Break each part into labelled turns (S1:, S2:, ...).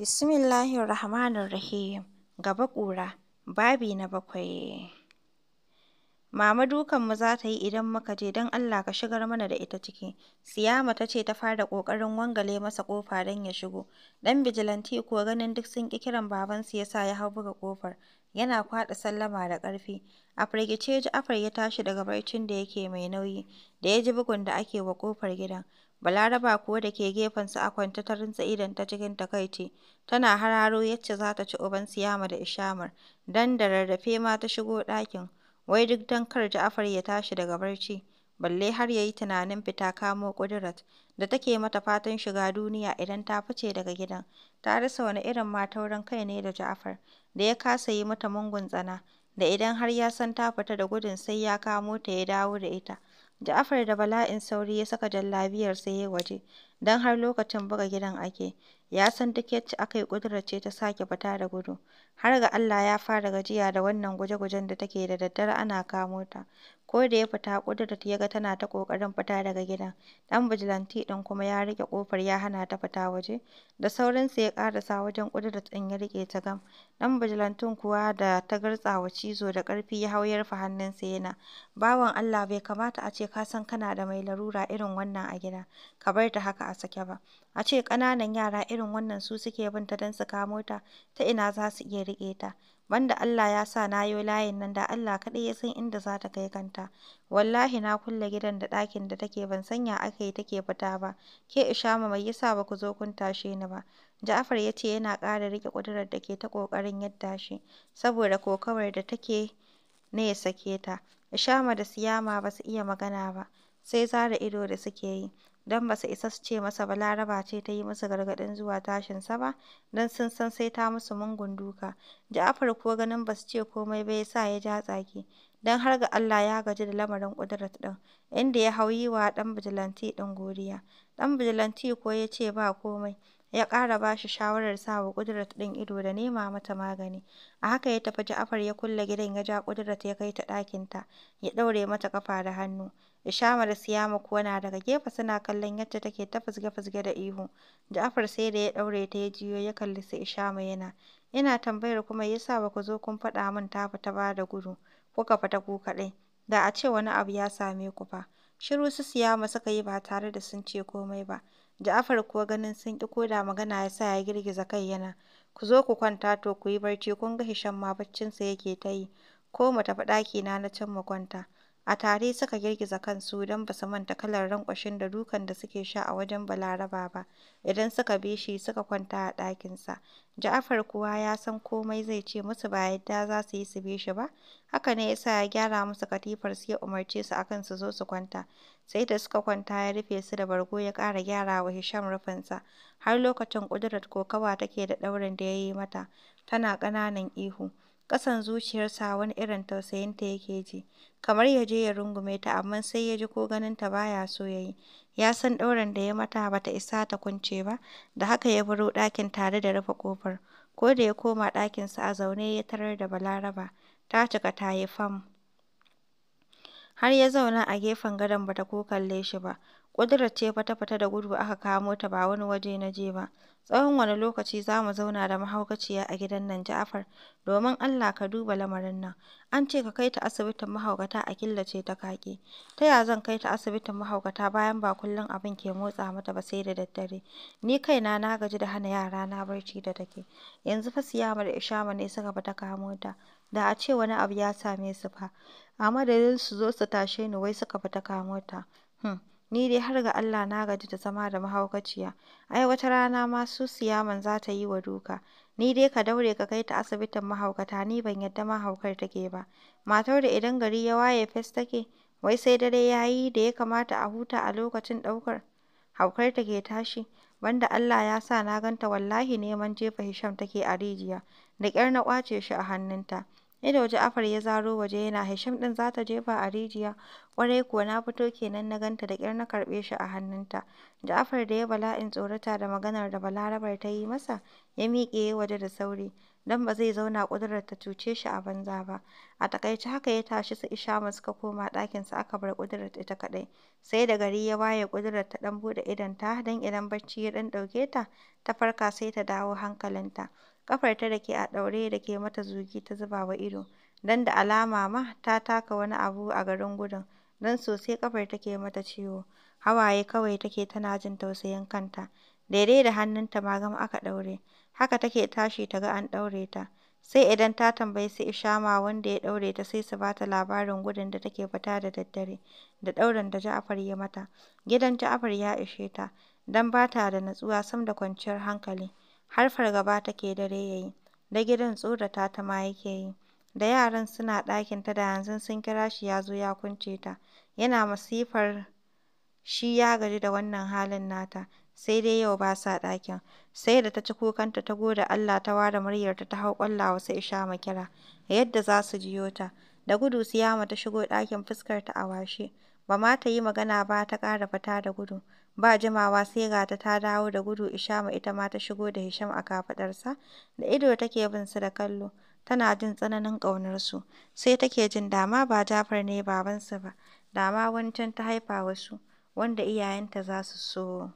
S1: Bismillahir Rahmanir Rahim. Gaba ƙura, babi na bakwai. Mama dukanmu za ta yi idan muka je don Allah ka shigar mana da ita ciki. Siyama ta ce ta fara ƙoƙarin wangale masa ƙofa don ya shigo. Ɗan bijilanti kuwa ganin duk sun ƙi kiran babansu ya sa ya hau buga ƙofar. Yana kwaɗa sallama da ƙarfi. A firgice Afar ya tashi daga barcin da yake mai nauyi da ya ji bugun da ake wa ƙofar gidan. Balaraba kuwa da ke gefensu a kwance ta runtse idonta cikin takaici, tana hararo yacce za ta ci uban Siyama da Ishamar, Dan da rarrafe ma ta shigo ɗakin, wai duk dan kar Ja'afar ya tashi daga barci, balle har ya yi tunanin fita kamo Kudirat, da take mata fatan shiga duniya idan ta fice daga gidan, ta rasa wani irin matauran kai ne da Ja'afar, da ya kasa yi mata mungun tsana, da idan har ya san ta fita da gudun sai ya kamo ta ya dawo da ita. Ja'afar da bala'in sauri ya saka sai ya waje, don har lokacin buga gidan ake, ya san duk yacce aka yi ƙudurar ce ta sake fita da gudu, har ga Allah ya fara gajiya da wannan guje-gujen da take da daddare ana kamo ta. Ko da ya fita, Kudirat ya ga tana ta ƙoƙarin fita daga gidan, ɗan bijilanti ɗin kuma ya riƙe ƙofar ya hana ta fita waje, da saurinsa ya ƙarasa wajen Kudirat ɗin ya riƙe ta gam, ɗan bijilantin kuwa da ta gartsawa cizo da ƙarfi ya hau ya rufe hannunsa yana, bawan Allah bai kamata a ce ka san kana da mai larura irin wannan a gida, ka bar ta haka a sake ba, a ce ƙananan yara irin wannan su suke bin ta don su kamo ta, ta ina za su iya riƙe ta. Wanda Allah ya sa na yo layin nan da Allah kaɗai ya san inda za ta kai kanta. Wallahi na kulle gidan da ɗakin da take ban sanya aka yi take fita ba. Ke Ishama mai yasa ba ku zo kun tashe ni ba? Jafar ya ce yana ƙara rike ƙudurar da ke ta ƙoƙarin yadda shi, saboda kokawar da take ne ya sake ta. Ishama da Siyama ba su iya magana ba, sai zara ido da suke yi. don ba su isa su ce masa Balaraba ce ta yi musu gargaɗin zuwa tashinsa ba, don sun san sai ta musu mungun duka. Ja'afar kuwa ganin ba su ce komai ba ya sa ya ja tsaki, don har ga Allah ya gaji da lamarin ƙudurat ɗin, inda ya hau yi wa ɗan bijilanti ɗin godiya. Ɗan bijilanti ko ya ce ba komai, ya ƙara ba shi shawarar sa wa ƙudurat ɗin ido da nema mata magani. A haka ya tafi Ja'afar ya kulle gidan ya ja ƙudurat ya kai ta ɗakinta, ya ɗaure mata ƙafa da hannu. Ishama da kuwa na daga gefe suna kallon yadda take ta fizge-fizge da ihu. Ja'afar sai da ya ɗaure ta ya jiyo, ya kalli su Ishama yana, ina tambayar kuma ya yasa ba ku zo kun faɗa min ta fita ba da gudu, kuka fita ku kaɗai, da a ce wani abu ya same ku fa. Shiru su Siyamu suka yi ba tare da sun ce komai ba. Ja'afar kuwa ganin sun ƙi koda magana ya sa ya girgiza kai yana, ku zo ku kwanta to ku yi barci kun ga Hisham ma baccinsa yake ta yi, ko mu tafi ɗakina na can mu kwanta. A tare suka girgiza kansu don ba su manta kalar rankwashin da dukan da suke sha a wajen Balaraba ba idan suka bi shi suka kwanta a ɗakinsa. Ja'afar kuwa ya san komai zai ce musu ba yadda za su yi su bi shi ba, haka ne ya sa ya gyara musu katifar sai ya umarce su a kan su zo su kwanta. Sai da suka kwanta ya rufe su da bargo ya ƙara gyara wa Hisham rufinsa, har lokacin ƙudurar kokawa take da ɗaurin da ya yi mata, tana ƙananan ihu. ƙasan zuciyarsa wani irin tausayinta yake ji, kamar ya je ya rungume ta amma sai ya ji ko ganin ta baya so ya yi. Ya san ɗaurin da ya mata ba ta isa ta kunce ba, da haka ya baro ɗakin tare da rufe ƙofar. Ko da ya koma ɗakinsa a zaune ya tarar da Balaraba, ta cika ta yi fam. har ya zauna a gefen gadon ba ta ko kalle shi ba. Ƙudurar ce fata-fata da gudu aka kamo ta ba wani waje na je ba. Tsawon wani lokaci za mu zauna da mahaukaciya a gidan nan Ja'afar, domin Allah ka duba lamarin nan. An ce ka kai ta asibitin mahaukata a killace ta kaki Ta ya zan kai ta asibitin mahaukata bayan ba kullum abin ke motsa mata ba sai da daddare. Ni kaina na gaji da hana yara na barci da take. Yanzu fa Siyama da Ishama ne suka fita kamo ta. Da a ce wani abu ya same su fa. A madadin su zo su tashe ni wai suka fita kamota. Hmm, ni dai har ga Allah na gaji da zama da mahaukaciya. Ai wata rana ma su Siyaman za ta yi wa duka. Ni dai ka daure ka kai ta asibitin mahaukata ni ban yadda ma take ba. Matar da idan gari ya waye fes take, wai sai dare ya yi da ya kamata a huta a lokacin ɗaukar haukar take tashi. Banda Allah ya sa na ganta wallahi neman jefa Hisham take a rijiya, da ƙyar na kwace shi a hannunta. waje Ja'afar ya zaro waje yana Hashim ɗin za ta jefa a rijiya, ƙwarai kuwa na fito kenan na ganta da ƙyar na karɓe shi a hannunta. Ja'afar da ya bala'in tsorata da maganar da Balarabar ta yi masa, ya miƙe ya waje da sauri, don ba zai zauna ƙudurar ta cuce shi a banza ba. A taƙaice haka ya tashi su Ishama suka koma ɗakinsu aka bar ƙudurar ita kaɗai. Sai da gari ya waye ƙudurar ta ɗan buɗe idonta don idan bacci ya ɗan ɗauke ta, ta farka sai ta dawo hankalinta. ƙafarta da ke a ɗaure da ke mata zugi ta zuba wa ido, don da alama ma ta taka wani abu a garin gudun, don sosai ƙafar take mata ciwo, hawaye kawai take tana jin tausayin kanta, daidai da hannunta ma gama aka ɗaure, haka take tashi ta ga an ɗaure ta, sai idan ta tambayi su Ishama wanda ya ɗaure ta sai su bata labarin gudun da take fita da daddare, da ɗaurin da Ja'far ya mata, gidan Ja'far ya ishe ta, don bata da natsuwa sam da kwanciyar hankali. har fargaba take dare yayi da gidan tsorata ta ma yake yi, da yaran suna ɗakin ta da yanzu sun kira shi ya zo ya kunce ta, yana masifar shi ya gaji da wannan halin nata, sai dai yau ba sa ɗakin, sai da ta ci kukanta ta gode Allah ta ware muryarta ta hau ƙwallawa su Ishama kira, yadda za su jiyo ta, da gudu Siyama ta shigo ɗakin fuskar ta a washe, ba ma ta yi magana ba ta ƙara fita da gudu. Ba jimawa sai gata ta dawo da gudu Ishama ita ma ta shigo da Hisham a kafaɗarsa, da ido take bin su da kallo, tana jin tsananin ƙaunarsu, sai take jin dama ba Jafar ne babansu ba, dama ma ta haifa wasu, wanda iyayenta za su so.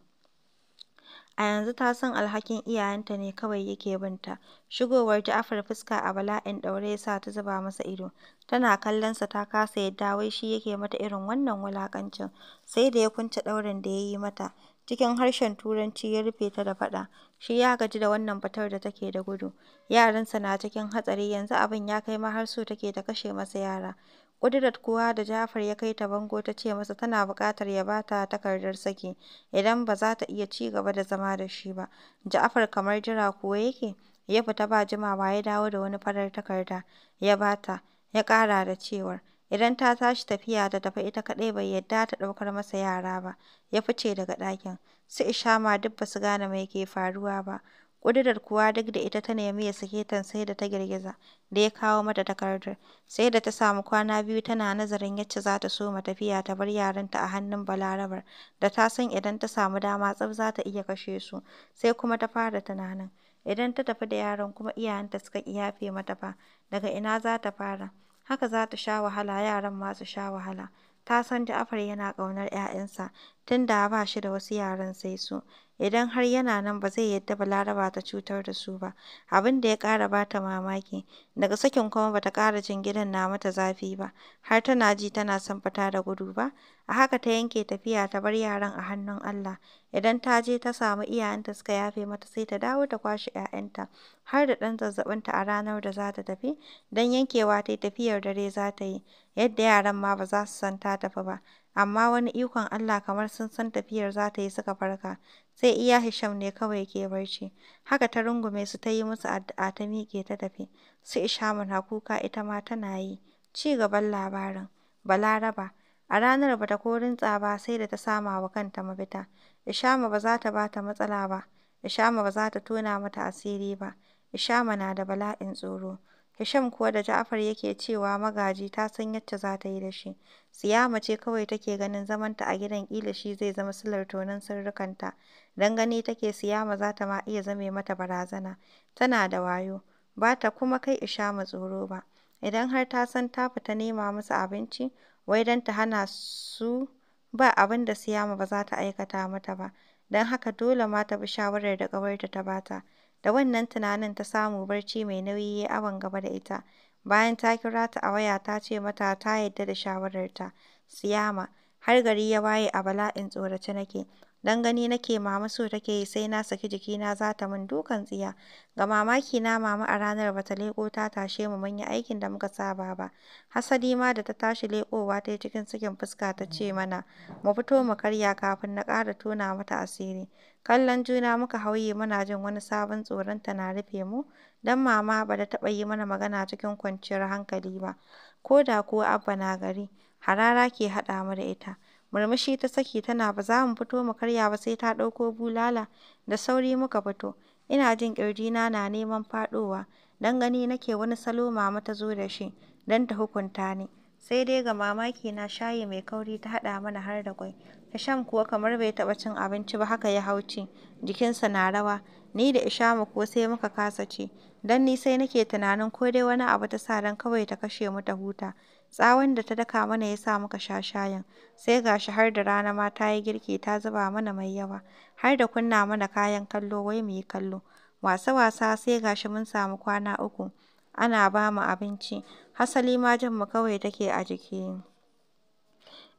S1: A yanzu ta san alhakin iyayenta ne kawai yake binta. Shigowar ja'afar fuska a bala'in ɗaure ya sa ta zuba masa ido, tana kallonsa ta kasa yadda wai shi yake mata irin wannan wulaƙancin, sai da ya kunce ɗaurin da ya yi mata, cikin harshen Turanci ya rufe ta da faɗa shi ya gaji da wannan fitar da take da gudu, yaransa na cikin hatsari yanzu abin ya kai ma har so take ta kashe masa yara. ƙudirat kuwa da Jafar ya kai ta bango ta ce masa tana buƙatar ya ba ta takardar saki idan ba za ta iya ci gaba da zama da shi ba, jafar kamar jira kuwa yake, ya fita ba jimawa ya dawo da wani farar takarda ya ba ta, ya ƙara da cewar idan ta tashi tafiya da tafi ita kaɗai bai yarda ta ɗaukar masa yara ba, ya fice daga ɗakin. Su Ishama duk ba su gane mai ke faruwa ba. Ƙudurar kuwa duk da ita ta nemi ya sake ta sai da ta girgiza da ya kawo mata takardar, sai da ta samu kwana biyu tana nazarin yacce za ta soma tafiya ta bar yaranta a hannun Balarabar da ta san idan ta samu dama tsaf za ta iya kashe su, sai kuma ta fara tunanin idan ta tafi da yaran kuma iyayenta suka ƙi yafe mata fa daga ina za ta fara, haka za ta sha wahala yaran ma su sha wahala. ta san Ja'far yana ƙaunar ‘ya'yansa tun da ba shi da wasu yaran sai su, idan har yana nan ba zai yadda laraba ta cutar da su ba, abin da ya ƙara ba ta mamaki, daga sakin kuma ba ta ƙara jin gidan na mata zafi ba, har tana ji tana son fita da gudu ba, a haka ta yanke tafiya ta bar yaran a hannun Allah, idan ta je ta samu iyayenta suka yafe mata sai ta dawo ta kwashe 'ya'yanta, har da ɗan zazzaɓinta a ranar da za ta tafi, don yankewa ta yi tafiyar dare za ta yi, yadda yaran ma ba za su san ta tafi ba. Amma wani ikon Allah kamar sun san tafiyar za ta yi suka farka, sai iya Hisham ne kawai ke barci. Haka ta rungume su ta yi musu addu'a ta miƙe ta tafi. Su Ishamu na kuka ita ma tana yi. Ci gaban labarin. Balaraba. A ranar ba ta korin ba sai da ta sama wa kanta mafita. Ishama ba za ta ba ta matsala ba. Ishama ba za ta tona mata asiri ba. Ishama na da bala'in tsoro. Hisham kuwa da Ja'far yake cewa Magaji ta san yacce za ta yi da shi, Siyama ce kawai take ganin zamanta a gidan ƙila shi zai zama silar tonon sirrikanta, don gani take Siyama za ta ma iya zame mata barazana, tana da wayo, ba ta kuma kai Ishama tsoro ba, idan har ta san ta fita nema musu abinci, wai don ta hana su ba abin da Siyama ba za ta aikata mata ba, don haka dole ma ta bi shawarar da ƙawarta ta bata. Da wannan tunanin ta samu barci mai nauyi ya yi awon gaba da ita, bayan ta kira ta a waya ta ce mata ta yadda da shawararta. Siyama har gari ya waye a bala'in tsorace nake. don gani nake mama so take yi sai na saki jikina za ta min dukan tsiya. Ga mamaki na mama a ranar bata ta leƙo ta tashe mu mun yi aikin da muka saba ba. Hasali ma da ta tashi leƙowa ta yi cikin sakin fuska ta ce mana mu fito mu karya kafin na ƙara tona mata asiri. Kallon juna muka hauye muna jin wani sabon tsoron ta na rufe mu dan mama ba da taɓa yi mana magana cikin kwanciyar hankali ba. Ko da ko Abba na gari, harara ke haɗa mu da ita. Murmushi ta saki tana ba za mu fito mu karya ba sai ta ɗauko bulala. Da sauri muka fito. Ina jin ƙirjina na neman faɗowa. Don gani nake wani salo mama ta zo da shi don ta hukunta ni. Sai dai ga mamaki na shayi mai kauri ta haɗa mana har da kwai. Hisham kuwa kamar bai taɓa cin abinci ba haka ya hau ci, jikinsa na rawa. Ni da Ishamu ko sai muka kasa ce. don ni sai nake tunanin ko dai wani abu ta sa don kawai ta kashe mu ta huta, tsawon da ta daka mana ya sa muka sha shayin, sai ga shi har da rana ma ta yi girki ta zuba mana mai yawa, har da kunna mana kayan kallo wai mu yi kallo, wasa-wasa sai ga shi mun samu kwana uku ana ba mu abinci, hasali ma jin mu kawai take a jiki.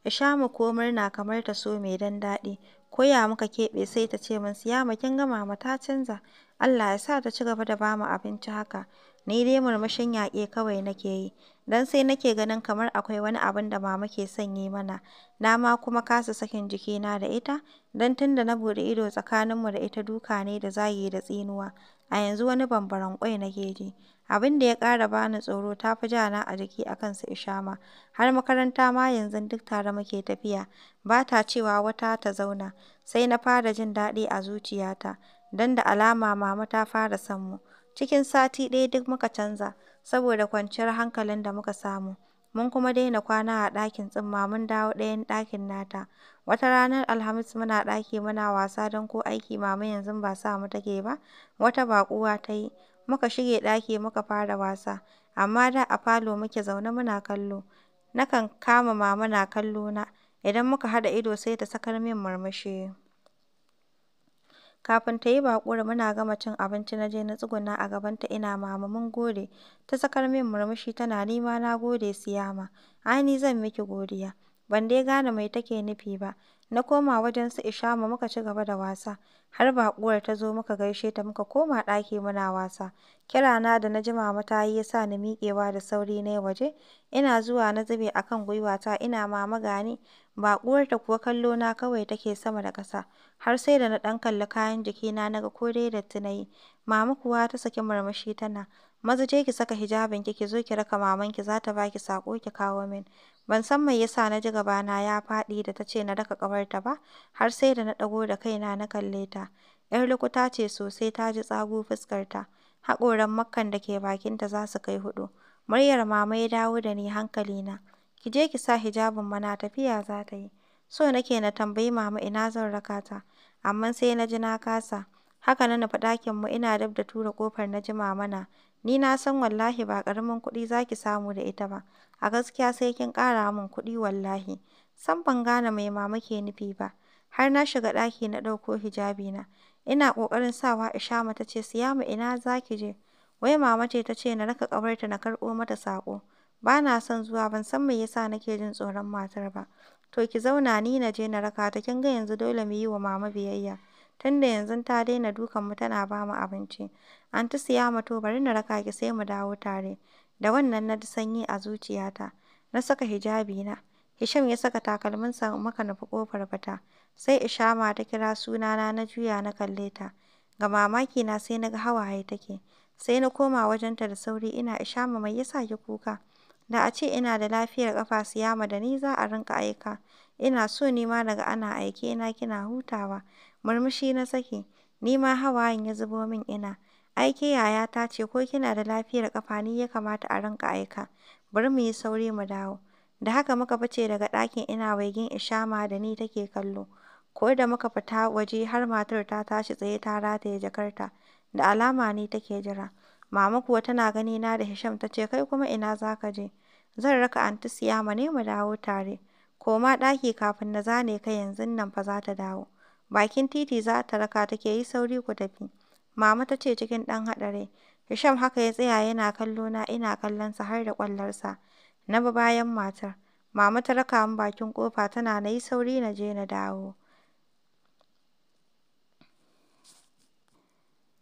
S1: Ishamu ko murna kamar ta so mai dan daɗi. Koya muka keɓe sai ta ce min, Siyama kin gama ma ta canza, Allah ya sa ta ci gaba da bamu abinci haka. Ni dai murmushin yaƙe kawai nake yi, dan sai nake ganin kamar akwai wani abin da mama ke son yi mana, na ma kuma kasa sakin jikina da ita, dan tunda na buɗe ido tsakanin mu da ita duka ne da zagi da tsinuwa. A yanzu wani bambaron kwai nake ji, abin da ya ƙara bani tsoro ta fi jana a jiki a kan su Ishama, har makaranta ma yanzu duk tare muke tafiya, ba ta cewa wata ta zauna, sai na fara jin daɗi a zuciyata, don da alama Mama ta fara son mu, cikin sati ɗaya duk muka canza, saboda kwanciyar hankalin da muka samu. Mun kuma daina kwana a ɗakin Tsimma mun dawo ɗayan ɗakin nata, wata ranar Alhamis muna ɗaki muna wasa don ko aiki Mama yanzu ba sa mu take ba, wata baƙuwa ta yi, muka shige ɗaki muka fara wasa, amma da a falo muke zaune muna kallo, nakan kama Mama na kallo na, idan muka haɗa ido sai ta sakar min murmushi. Kafin ta yi baƙur, muna gama cin abinci na je na tsuguna a gabanta ina Mama gode, ta sakar min murmushi tana nima na gode Siyama, ai ni zan miki godiya, ban dai gane mai take nufi ba. Na koma wajen su Ishama muka ci gaba da wasa, har baƙuwar ta zo muka gaishe ta muka koma ɗaki muna wasa. Kirana da na ji mama ta yi ya sa ni miƙewa da sauri na yi waje, ina zuwa na zube a kan gwiwata ina Mama gani Baƙuwar baƙuwarta kuwa kallona kawai take sama da ƙasa, har sai da na ɗan kalli kayan jikina na ga ko dai datti na yi, Mama kuwa ta saki murmushi tana, maza je ki saka hijabin ki ki zo ki raka mamanki za ta ba ki saƙo ki kawo min. Ban san mai yasa na ji gabana ya faɗi da ta ce na daka ƙawarta ba, har sai da na ɗago da kaina na kalle ta. 'Yar lukuta ce sosai ta ji tsago fuskarta, haƙoran Makkan da ke bakinta za su kai huɗu. Muryar Mama ya dawo da ni hankali na. Ki je ki sa hijabin mana tafiya za ta yi. So nake na tambayi Mama ina zan raka ta, amma sai na ji na kasa. Haka na nufi ɗakinmu ina dab da tura ƙofar na jima mana ni na san wallahi ba ƙaramin kuɗi za ki samu da ita ba, a gaskiya sai kin ƙara min kuɗi wallahi, san ban gane mai Mama ke nufi ba, har na shiga ɗaki na ɗauko hijabi na ina ƙoƙarin sawa Ishama ta ce Siyama ina za ki je? Wai Mama ce ta ce na raka ƙawarta na karɓo mata saƙo, ba na son zuwa ban san me yasa nake jin tsoron matar ba, to ki zauna ni na je na raka ta kin ga yanzu dole mu yi wa Mama biyayya. tunda yanzu ta daina dukan mu tana ba mu abinci. Anty Siyama to bari na raka ki sai mu dawo tare. Da wannan na ji sanyi a zuciyata. Na saka hijabi na. Hisham ya saka takalminsa maka nufi kofar fita. Sai Ishama ta kira sunana na juya na kalle ta. Ga na sai na ga hawaye take. Sai na koma wajen ta da sauri ina Ishama mai yasa ki kuka? Da a ce ina da lafiyar ƙafa Siyama da ni za a rinka aika. Ina so ni ma daga ana aike na kina hutawa. Murmushi na saki, ni ma hawayen ya zubo min ina, Aiki, ke yayata ce ko kina da lafiyar kafa ni ya kamata a rinka aika, bari mu yi sauri mu dawo. Da haka muka fice daga ɗakin ina waigin Ishama da ni take kallo. Ko da muka fita waje har matar ta tashi tsaye ta rataye jakarta, da alama ni take jira. Mama kuwa tana gani na da Hisham ta ce, kai kuma ina za ka je? Zan raka antisiyama ne mu dawo tare. Koma ɗaki kafin na zane ka yanzun nan fa za ta dawo. Bakin titi za ta raka take yi sauri ku tafi. Mama ta ce cikin ɗan haɗari. Hisham haka ya tsaya yana kallo na ina kallon sa har da sa Na ba bayan matar. Mama ta raka mu bakin kofa tana na yi sauri na je na dawo.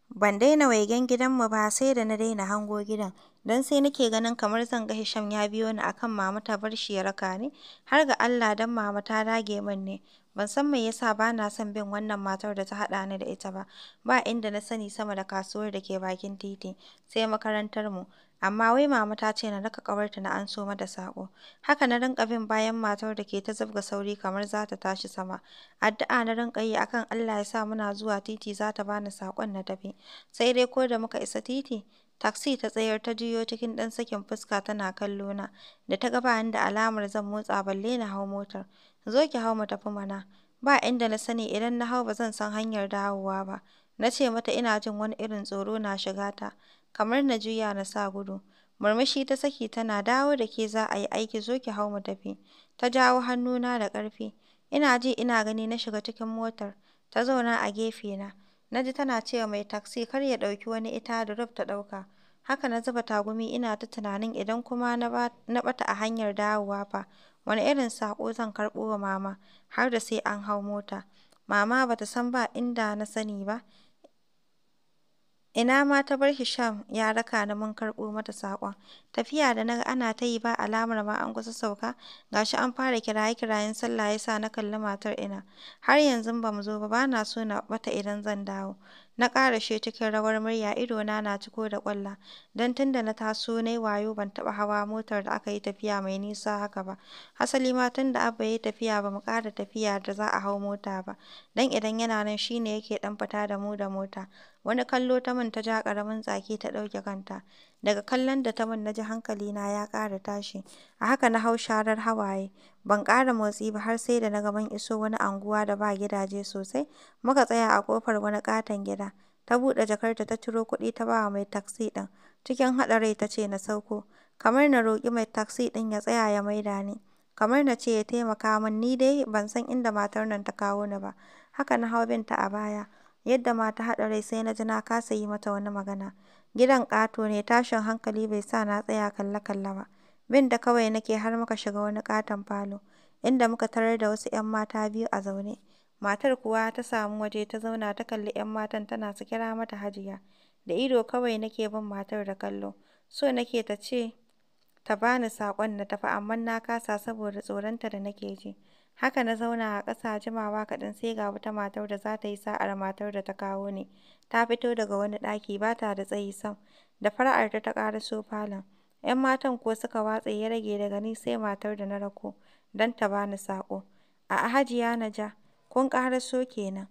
S1: Ban daina waigen gidanmu ba sai da na daina hango gidan, don sai nake ganin kamar zan ga Hisham ya biyo ni akan mama ta bar shi ya raka ni, har ga Allah don mama ta dage min ne. Ban san mai yasa sa ba na son bin wannan matar da ta haɗa ni da ita ba, ba inda na sani sama da kasuwar da ke bakin titi, sai makarantar mu. amma wai mama ta ce na raka ƙawarta na anso mata saƙo. Haka na rinƙa bin bayan matar da ke ta zabga sauri kamar za ta tashi sama. Addu'a na rinƙa yi akan Allah ya sa muna zuwa titi za ta bani saƙon na tafi. Sai dai ko da muka isa titi, Taksi ta tsayar ta juyo cikin ɗan sakin fuska tana kallona, da ta ga ba da alamar zan motsa balle na hau motar. zo ki hau mu tafi mana, ba inda na sani idan na hau ba zan san hanyar dawowa ba. Na ce mata ina jin wani irin tsoro na shiga ta, kamar na juya na sa gudu. Murmushi ta saki tana dawo da ke za a yi aiki zo ki hau mu tafi. Ta jawo hannuna da ƙarfi. Ina ji ina gani na shiga cikin motar. Ta zauna a gefe na. Na ji tana cewa mai taksi kar ya ɗauki wani ita da ta ɗauka. Haka na zuba tagumi ina ta tunanin idan kuma na bata a hanyar dawowa fa Wani irin saƙo zan karɓo wa Mama har da sai an hau mota? Mama ba ta san ba inda na sani ba. Ina ma ta bar Hisham ya raka ni mun karɓo mata saƙon. Tafiya da na ana ta yi ba alamar ma an kusa sauka, ga shi an fara kiraye-kirayen sallah ya sa na kalli matar Ina. Har yanzu ba mu zo ba, ba na so na bata idan zan dawo. Na ƙara she cikin rawar murya, idona na ciko da ƙwalla, don tun da na taso na yi wayo ban taɓa hawa motar da aka yi tafiya mai nisa haka ba. Hasali ma tun da Abba ya yi tafiya ba mu ƙara tafiya da za a hau mota ba, don idan yana nan shi ne yake ɗan fita da mu da mota. Wani kallo ta min ta ja ƙaramin tsaki ta ɗauke kanta. Daga kallon da ta mun na ji hankali na ya ƙara tashi, a haka na hau sharar hawaye, ban ƙara motsi ba har sai da na gaban iso wani anguwa da ba gidaje sosai, muka tsaya a kofar wani ƙaton gida, ta buɗe jakarta ta ciro kuɗi ta ba mai taksi ɗin, cikin haɗa rai ta ce na sauko, kamar na roƙi mai taksi ɗin ya tsaya ya maida ni, kamar na ce ya taimaka min ni dai ban san inda matar nan ta kawo ni ba, haka na hau binta a baya, yadda ma ta haɗa rai sai na ji na kasa yi mata wani magana. Gidan ƙato ne, tashin hankali bai sa na tsaya kalle-kalle ba, bin da kawai nake har muka shiga wani ƙaton falo, inda muka tarar da wasu 'yan mata biyu a zaune, matar kuwa ta samu waje ta zauna ta kalli 'yan matan tana su kira mata Hajiya, da ido kawai nake bin matar da kallo, so nake ta ce ta bani saƙon na tafi amma na kasa saboda tsoronta da nake ji. Haka na zauna a ƙasa, jimawa kaɗan sai ga wata matar da za ta yi sa'ar matar da ta kawo ni, ta fito daga wani ɗaki ba ta da tsayi sam, da fara'arta ta ƙaraso falon. 'Yan matan kuwa suka watse ya rage daga ni sai matar da na rako don ta bani saƙo. A'a Hajiya ja
S2: kun ƙaraso kenan.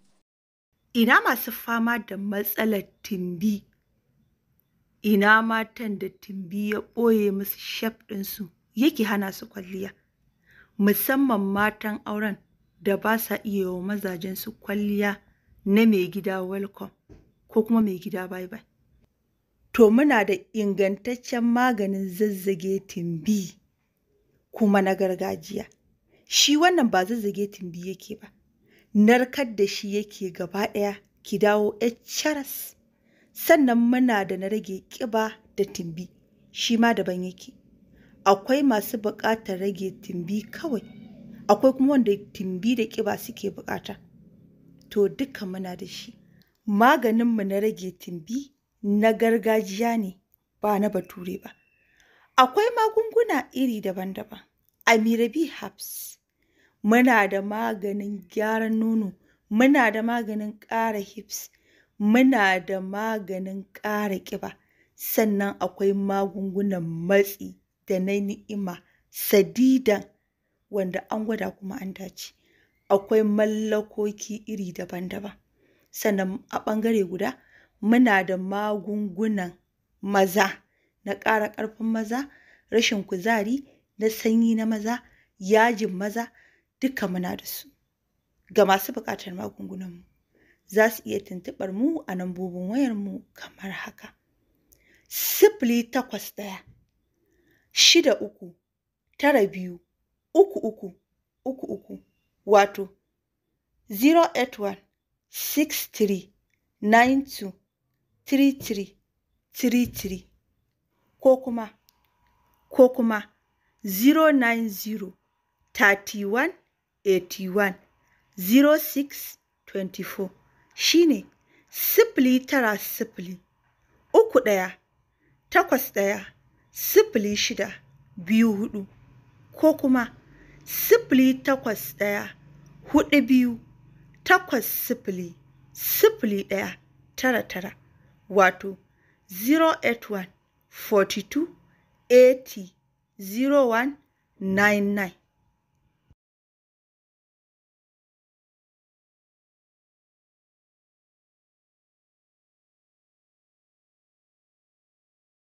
S2: Ina masu fama da matsalar tumbi, ina matan da tumbi ya ɓoye musu shaf ɗinsu yake hana su kwalliya. musamman matan auren da ba sa iya yi wa mazajensu kwalliya na gida (welcome) ko kuma maigida (bye-bye). To muna da ingantaccen maganin zazzage timbi kuma na gargajiya. Shi wannan ba zazzage timbi yake ba, narkar da shi yake gaba ɗaya ki dawo ‘yar Sannan muna da na rage ƙiba da timbi, shi ma daban yake. akwai masu buƙatar rage timbi kawai akwai kuma wanda timbi da ƙiba suke buƙata to duka muna da shi maganinmu na rage timbi na gargajiya ne ba na bature ba akwai magunguna iri daban-daban amirabi hafs. muna da maganin gyaran nono muna da maganin ƙara hips muna da maganin ƙara ƙiba sannan akwai magungunan matsi da na ni'ima sadidan wanda an gwada kuma an dace akwai mallakoki iri daban-daban sannan a ɓangare guda muna da magungunan maza na ƙara ƙarfin maza rashin kuzari na sanyi na maza yajin maza duka muna da su ga masu buƙatar magungunanmu za su iya tuntuɓar mu a lambobin wayarmu kamar haka sifili takwas ɗaya shida uku tara biyu uku uku uku uku wato 081 63 33 33 ko kuma ko kuma 090 31 shine sifili tara sifili uku ɗaya takwas ɗaya sifili shida biyu hudu ko kuma sifili takwas ɗaya hudu biyu takwas sifili sifili ɗaya tara tara wato 081 42 80 0199